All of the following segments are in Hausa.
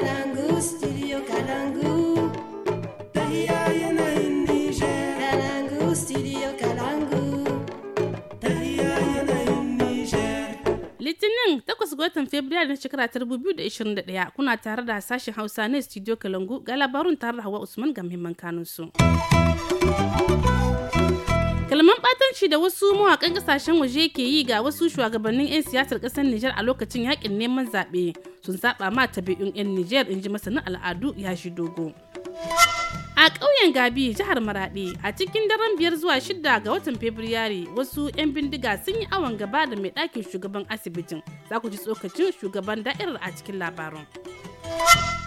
kalangu litinin watan fabrairu na shekara 2021 kuna tare da sashen hausa na studio kalangu ga labarun tare da hawa usman ga muhimman kanunsu. Kalman batanci da wasu mawakan kasashen waje ke yi ga wasu shugabannin 'yan siyasar ƙasar Nijar a lokacin yakin neman zaɓe sun saba ma tabi'un 'yan Nijar in ji masanin al'adu ya shi dogo. A ƙauyen Gabi jihar Maraɗe a cikin daren biyar zuwa shida ga watan Fabrairu wasu 'yan bindiga sun yi awon gaba da mai ɗakin shugaban asibitin za ku ji tsokacin shugaban da'irar a cikin labarin.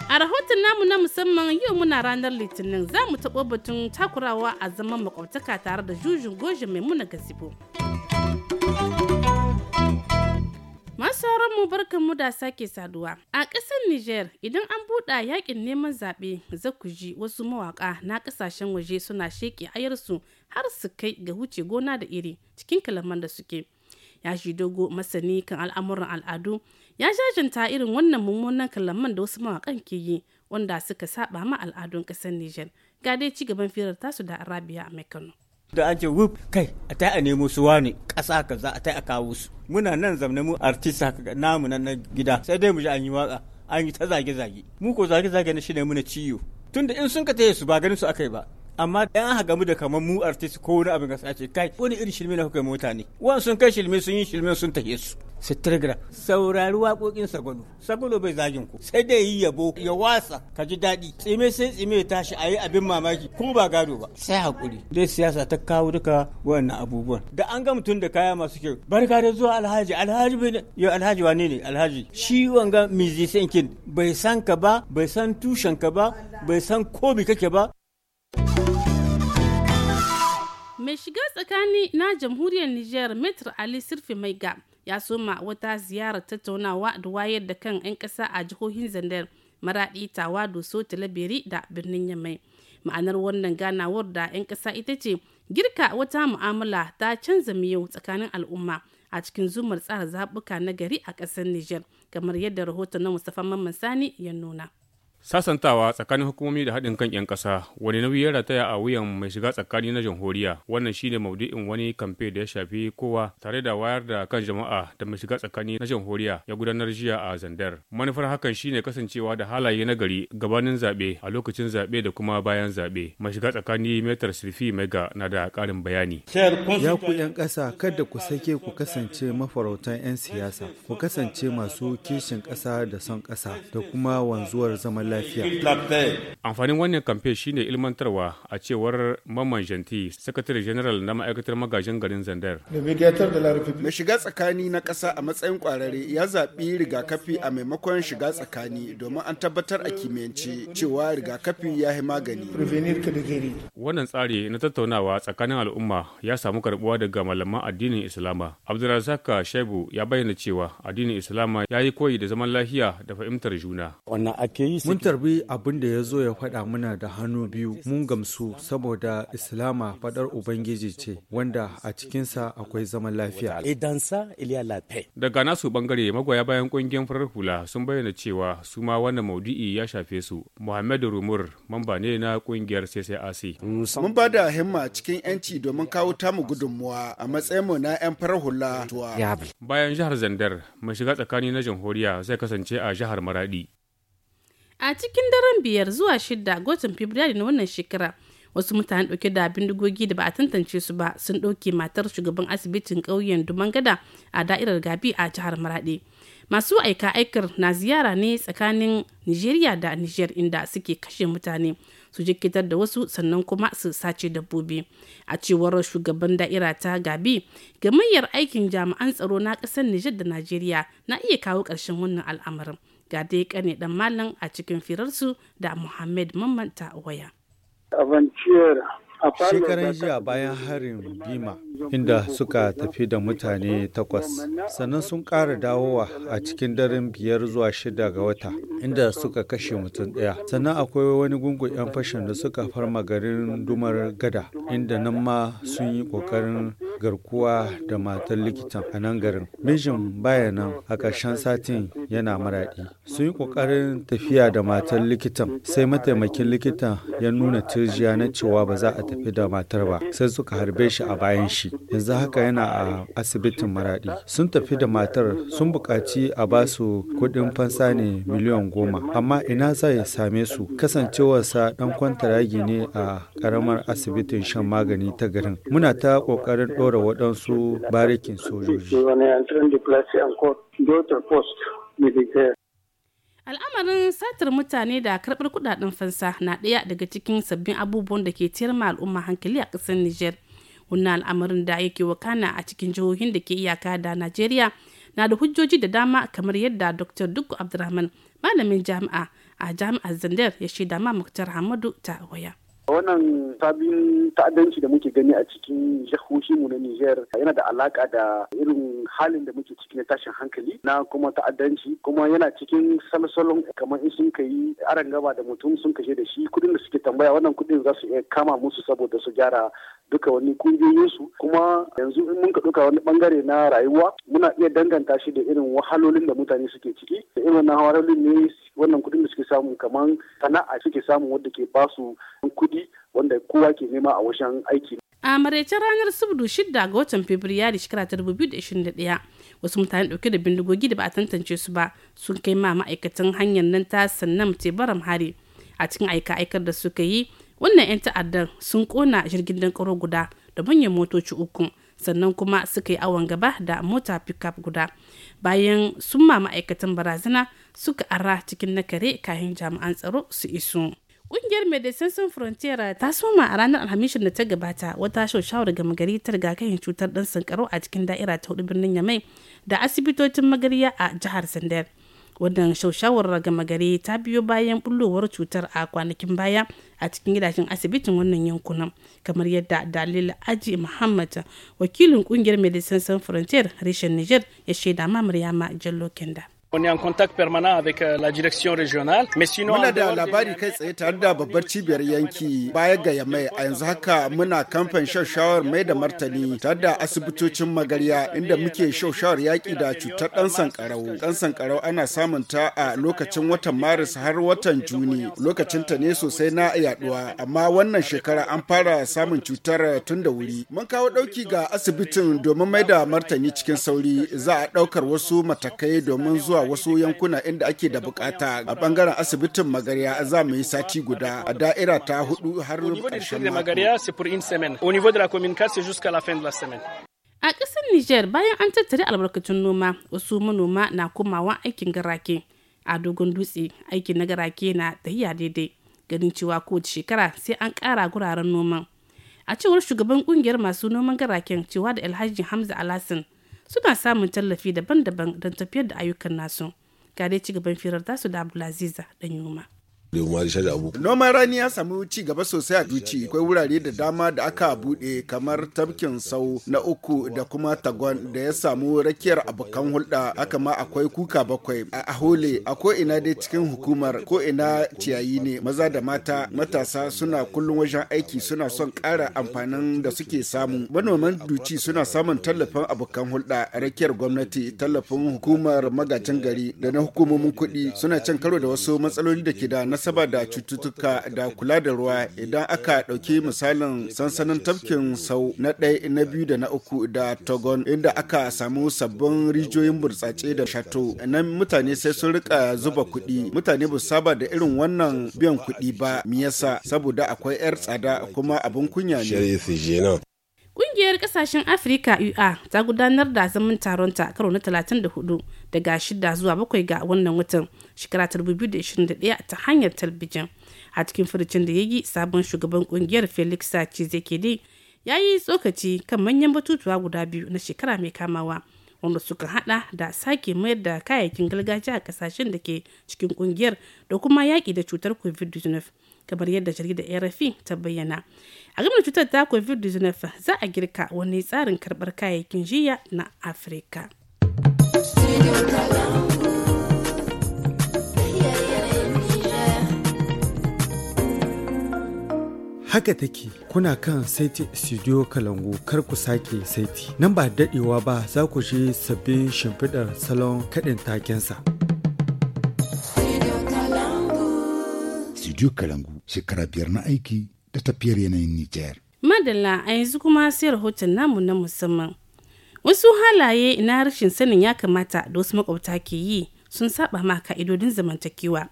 A rahoton namu na musamman yau muna ranar Litinin za mu taɓo batun takurawa a zaman makwabtaka tare da jujin mai muna gazibo Masu mu barkan mu da sake saduwa. A ƙasar Niger idan an buɗa yaƙin neman zaɓe zakuji wasu mawaƙa na ƙasashen waje suna sheƙe ayarsu har su kai ga wuce gona da iri cikin kalaman da suke. Ya shi dogo masani kan al'amuran al'adu ya jajanta irin wannan mummunan kalaman da wasu mawakan ke yi wanda suka saba ma al'adun kasar Nijar. Ga dai ci gaban firar tasu da Arabiya a Mekano. Da an ce wuf kai a ta a nemo su wani ka za a ta a kawo su. Muna nan zamne mu artista namu nan na gida sai dai mu ji an yi waka an yi ta zage-zage. Mu ko zage-zage na shi ne muna ciyo. Tunda in sun ka taya su ba ganin su aka yi ba. amma dan aka gamu da kamar mu artist ko wani abin gasa ce kai wani irin shilme na kuka mutane. mota wani sun kai shilme sun yi shilme sun tahe su sitiragra saurari waƙoƙin sagwalo sagwalo bai zagin ku sai dai yi yabo ya wasa ka ji daɗi tsime sai tsime ya tashi a yi abin mamaki ko ba gado ba sai hakuri dai siyasa ta kawo duka wannan abubuwan da an ga mutum da kaya masu kyau barka da zuwa alhaji alhaji bai yau alhaji wane ne alhaji shi wanga musician bai san ka ba bai san tushen ka ba bai san komi kake ba mai shiga tsakani na jamhuriyar Nijar, metro ali sirfi maiga ya soma wata ziyarar tattaunawa da wayar da kan 'yan ƙasa a jihohin zandar maraɗi tawa doso talabiri da birnin yamai ma'anar wannan ganawar da 'yan ƙasa ita ce girka wata mu'amala ta canza miyau tsakanin al'umma a cikin zumar tsara zaɓuka na gari a ƙasar Nijar. kamar yadda rahoton na mustapha mamman sani ya nuna Sasantawa tsakanin hukumomi da haɗin kan 'yan ƙasa wani nauyi ya rataya a wuyan mai shiga tsakani na jamhuriya wannan shine maudu'in wani kamfe da ya shafi kowa tare da wayar da kan jama'a da mai shiga tsakani na jamhuriya ya gudanar jiya a zandar. Manufar hakan shine kasancewa da halaye na gari gabanin zaɓe a lokacin zaɓe da kuma bayan zaɓe. Mai shiga tsakani Metar Sirfi Mega na da ƙarin bayani. Ya ku 'yan ƙasa kada ku sake ku kasance mafarautan 'yan siyasa ku kasance masu kishin ƙasa da son ƙasa da kuma wanzuwar zaman lafiya. Amfanin wannan kamfe shine ilmantarwa a cewar Maman Janti, Sakatare General na ma'aikatar magajin garin Zandar. Mai shiga tsakani na ƙasa a matsayin ƙwararre ya zaɓi rigakafi a maimakon shiga tsakani domin an tabbatar a kimiyyance cewa rigakafi ya yi magani. Wannan tsari na tattaunawa tsakanin al'umma ya samu karɓuwa daga malaman addinin Islama. Abdulrazak Shaibu ya bayyana cewa addinin Islama ya yi koyi da zaman lafiya da fahimtar juna. Mun tarbi abin da ya zo ya faɗa muna da hannu biyu mun gamsu saboda islama faɗar ubangiji ce wanda a cikinsa akwai zaman lafiya daga nasu bangare magoya bayan ƙungiyar farar hula sun bayyana cewa su ma wannan maudu'i ya shafe su muhammadu rumur mamba ne na kungiyar ccrc. mun ba da himma cikin yanci domin kawo tamu gudunmuwa a matsayin mu na 'yan farar hula bayan jihar zandar mai shiga tsakani na jamhuriya zai kasance a jihar maradi a cikin daren biyar zuwa shida ga watan fabrairu na wannan shekara wasu mutane dauke da bindigogi da ba a tantance su ba sun dauke matar shugaban asibitin ƙauyen dumangada a da'irar gabi a jihar maraɗe masu aika aikar na ziyara ne tsakanin nigeria da niger inda suke kashe mutane su jikitar da wasu sannan kuma su sace dabbobi a cewar shugaban da'ira ta gabi gamayyar aikin jami'an tsaro na ƙasar niger da nigeria na iya kawo ƙarshen wannan al'amarin ga dai kane dan malam a cikin firarsu da muhammad mamanta waya. Avanciyar Shekaran jiya bayan harin Bima inda suka tafi da mutane takwas sannan sun ƙara dawowa a cikin daren biyar zuwa shida ga wata inda suka kashe mutum ɗaya sannan akwai wani gungun 'yan fashin da suka farma garin dumar gada inda nan ma sun yi ƙoƙarin garkuwa da matan likitan a nan garin mijin bayanan nan a ƙarshen satin yana maraɗi sun yi ƙoƙarin tafiya da matan likitan sai mataimakin likitan ya nuna turjiya na cewa ba za a tafi da matar ba sai suka harbe shi a bayan shi yanzu haka yana a asibitin maradi sun tafi da matar sun buƙaci a ba su kuɗin fansa ne miliyan goma amma ina zai same su kasancewarsa ɗan kwantaragi ne a karamar asibitin shan magani ta garin muna ta ƙoƙarin ɗora waɗansu barikin sojoji al'amarin satar mutane da karɓar kudaden fansa na ɗaya daga cikin sabbin abubuwan da ke tiyar ma al'umma hankali a ƙasar niger wannan al'amarin da yake wakana a cikin jihohin da ke iyaka da najeriya na da hujjoji da dama kamar yadda dr dukku abdulrahman malamin jami'a a jami'ar zandar ya shaida ma muktar hamadu ta waya wannan sabin ta'addanci da muke gani a cikin jihohinmu na Nijar yana da alaka da irin halin da muke ciki na tashin hankali na kuma ta'addanci kuma yana cikin salsalon kamar in sun kai aran gaba da mutum sun kashe da shi kudin da suke tambaya wannan kudin za su iya kama musu saboda su gyara duka wani kungiyoyinsu kuma yanzu in mun ka duka wani bangare na rayuwa muna iya danganta shi da irin wahalolin da mutane suke ciki da irin wannan wahalolin ne wannan kudin da suke samu kamar sana'a suke samu wadda ke basu kudi wanda kowa ke nema a wajen aiki a maraicen ranar subdu shidda ga watan fabrairu shekara ta dubu da da ishirin ɗaya wasu mutane dauke da bindigogi da ba a tantance su ba sun kai ma ma'aikatan hanyar nan ta sannan tebaram hari a cikin aika-aikar da suka yi wannan 'yan ta'addan sun kona jirgin dankaro guda da manyan motoci uku sannan kuma suka yi awon gaba da mota pickup guda bayan sun ma ma'aikatan barazana suka ara cikin nakare kayan jami'an tsaro su isu. Ƙungiyar Medecins Sans Frontiere ta soma a ranar Alhamishin da ta gabata wata shawara gama gari ta riga rigakafin cutar ɗan sankaro a cikin da'ira ta hudu birnin Yamai da asibitocin magariya a jihar Sandar. wannan shawarar gama gari ta biyo bayan bullowar cutar a kwanakin baya a cikin gidajen asibitin wannan yankunan kamar yadda dalil aji muhammad wakilin kungiyar medecines sans frontier reshen niger ya shaida ma maryama jallo kenda Euh, muna da labari kai tsaye tare da babbar cibiyar yanki baya ga Yamai a yanzu haka muna kamfan shawar mai da martani tare da asibitocin magarya inda muke shawar yaƙi da cutar ɗan sankarau. Ɗan sankarau ana samun ta a lokacin watan Maris har watan Juni. Lokacin ta ne sosai na yaduwa amma wannan shekara an fara samun cutar tun da wuri. Mun kawo ɗauki ga asibitin domin mai da martani cikin sauri za a ɗaukar wasu matakai domin zuwa wasu yankuna inda ake da bukata a bangaren asibitin magarya za mu yi sati guda a da'ira ta hudu har ƙarshen A ƙasar Nijar bayan an tattare albarkatun noma wasu manoma na komawa aikin garake a dogon dutse aikin na garake na tahiya daidai ganin cewa kowace shekara sai an ƙara guraren noman. A cewar shugaban ƙungiyar masu noman garaken cewa da Alhaji Hamza Alhassan suna samun tallafi daban-daban don tafiyar da ayyukan nasu ga dai ci gaban firar tasu da abdulaziza dan yuma Noman rani ya samu ci gaba sosai a Duci, akwai wurare da dama da aka buɗe kamar tafkin sau na uku da kuma tagon da ya samu rakiyar abokan hulɗa, haka ma akwai kuka bakwai a hole a ko ina dai cikin hukumar ko ina ciyayi ne maza da mata matasa suna kullum wajen aiki suna son ƙara amfanin da suke samu. Manoman Duci suna samun tallafin abokan hulɗa, rakiyar gwamnati, tallafin hukumar magajin gari da na hukumomin kuɗi suna cin karo da wasu matsaloli da ke da nasaba da cututtuka da kula da ruwa idan aka ɗauki misalin sansanin tafkin sau na ɗaya na biyu da na uku da togon inda aka samu sabbin rijiyoyin burtsatse da shato na mutane sai sun rika zuba kuɗi mutane ba saba da irin wannan biyan kuɗi ba me yasa saboda akwai 'yar tsada kuma abin kunya ne Ƙungiyar kasashen Afirka UA ta gudanar da zaman taron ta karo na 34 daga 6 zuwa bakwai ga wannan watan shekara 2021 ta hanyar talbijin a cikin furucin da ya yi sabon shugaban kungiyar felix sachi zekede ya yi tsokaci kan manyan batutuwa guda biyu na shekara mai kamawa wanda suka hada da sake mayar da kayayyakin gargajiya a kasashen da ke cikin kungiyar da kuma yaƙi da cutar covid-19 kamar yadda jaridar rfi ta bayyana a game da cutar ta covid-19 za a girka wani tsarin karbar kayayyakin jiya na afirka haka take kuna kan saiti studio kalangu kar ku sake saiti nan ba dadewa ba za ku shi sabbin shimfiɗar salon kaɗin takensa. studio kalangu shekara biyar na aiki da tafiyar yanayin nijar madalla a yanzu kuma sai rahoton namu na musamman wasu halaye na rashin sanin ya kamata da wasu makwabta ke yi sun saba ma ka'idodin zamantakewa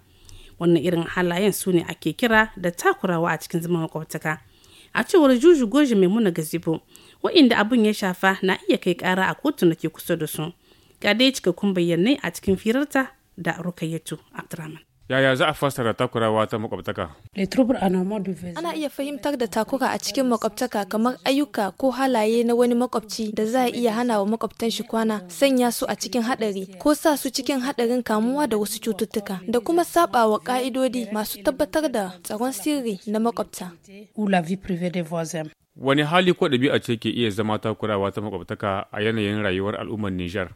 wannan irin halayen su ne ake kira da takurawa a cikin zaman makwabtaka a cewar juju goji mai muna gazebo wa'inda abin ya shafa na iya kai kara a kotu na ke kusa da su ga dai cikakkun bayyanai a cikin firarta da rukayyatu abdurrahman Yaya za a fassara takurawa ta makwabtaka? Ana iya fahimtar da takura a cikin makwabtaka kamar ayyuka ko halaye na wani makwabci da za a iya hana wa makwabtan shi kwana, sanya su a cikin haɗari ko sa su cikin haɗarin kamuwa da wasu cututtuka da kuma saba wa ƙa'idodi masu tabbatar da tsaron sirri na makwabta. Wani hali ko ɗabi'a ce ke iya zama takurawa ta makwabtaka a yanayin rayuwar al'ummar Nijar?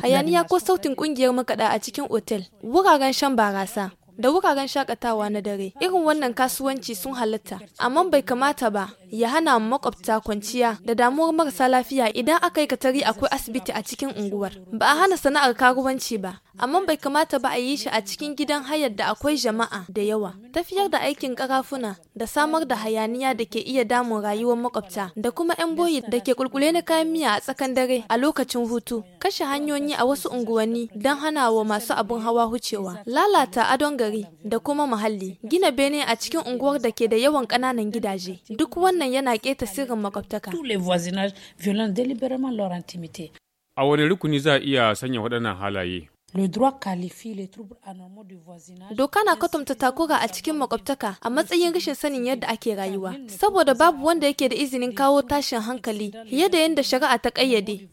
Hayaniya ko sautin kungiyar makaɗa a cikin otel, wuraren shan barasa, da wuraren shakatawa na dare irin wannan kasuwanci sun halatta amma bai kamata ba ya hana makwabta kwanciya da damuwar marasa lafiya idan aka yi katari akwai asibiti a cikin unguwar ba a hana sana'ar karuwanci ba amma bai kamata ba a yi shi a cikin gidan hayar da akwai jama'a da yawa tafiyar da aikin karafuna da samar da hayaniya da ke iya damun rayuwar makwabta da kuma yan boyi da ke kulkule na kayan miya a tsakan dare a lokacin hutu kashe hanyoyi a wasu unguwanni don hana wa masu abin hawa hucewa lalata adon gari gari da kuma muhalli. Gina bene a cikin unguwar da ke da yawan kananan gidaje. Duk wannan yana keta sirrin makwabtaka. A wani rukuni za a iya sanya waɗannan halaye? Doka na kwatanta takura a cikin makwabtaka a matsayin rashin sanin yadda ake rayuwa, saboda babu wanda yake da izinin kawo tashin hankali fiye da yadda shari'a ta ƙayyade.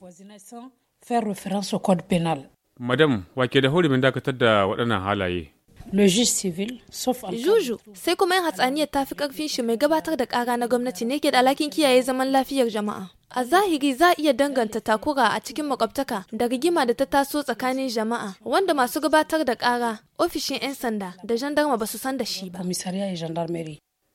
Madam, wake da hurumin dakatar da waɗannan halaye. Juju sai kuma yin ta fi karfin shi mai gabatar da kara na gwamnati ne ke da alhakin kiyaye zaman lafiyar jama'a. A zahiri za a iya danganta takura a cikin makwabtaka da rigima da ta taso tsakanin jama'a wanda masu gabatar da kara ofishin 'yan sanda da jandarma ba su san da shi ba.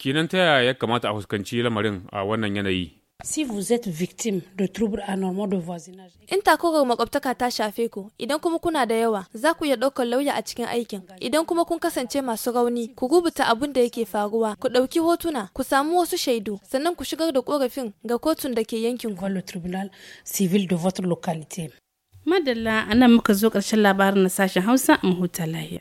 Kinan ta yaya ya kamata a fuskanci lamarin a wannan yanayi? Si vous êtes victime de troubles anormaux de voisinage. In takogar makwabtaka ta shafe ku, idan kuma kuna da yawa, za ku iya ɗaukar lauya a cikin aikin. Idan kuma kun kasance masu rauni, ku rubuta abin da yake faruwa, ku ɗauki hotuna, ku samu wasu shaidu, sannan ku shigar da ƙorafin ga kotun da ke yankin ku. tribunal civil de votre localité. Madalla, anan muka zo ƙarshen labarin na sashen Hausa a mahuta lahiya.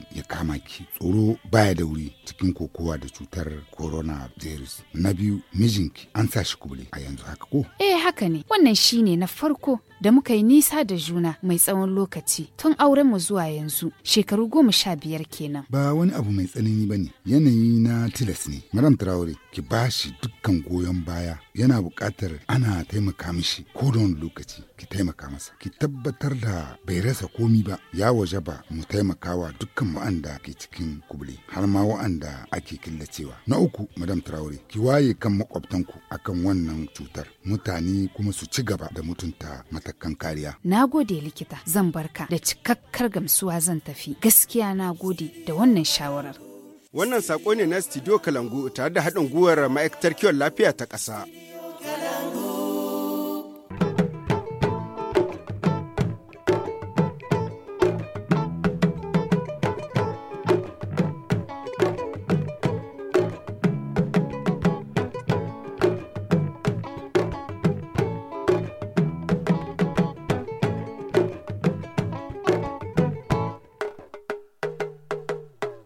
ya kama ki tsoro baya da wuri cikin kokowa da cutar coronavirus na biyu mijinki an sa shi kubule a yanzu haka ko eh haka ne wannan shine na farko da muka yi nisa da juna mai tsawon lokaci tun auren mu zuwa yanzu shekaru goma sha biyar kenan ba wani abu mai tsanani bane yanayi na tilas ne maram traore ki ba shi dukkan goyon baya yana buƙatar ana taimaka mishi ko da wani lokaci ki taimaka masa ki tabbatar da bai rasa komi ba ya waje ba mu taimakawa dukkan wa'anda ke cikin kubule har ma wa'anda ake killacewa na uku madam traore ki waye kan makwabtanku akan wannan cutar mutane kuma su ci gaba da mutunta matakan kariya na gode likita zan barka da cikakkar gamsuwa zan tafi gaskiya na gode da wannan shawarar Wannan saƙo ne na Studio Kalangu tare da haɗin gwiwar ma'aikatar kiwon lafiya ta ƙasa.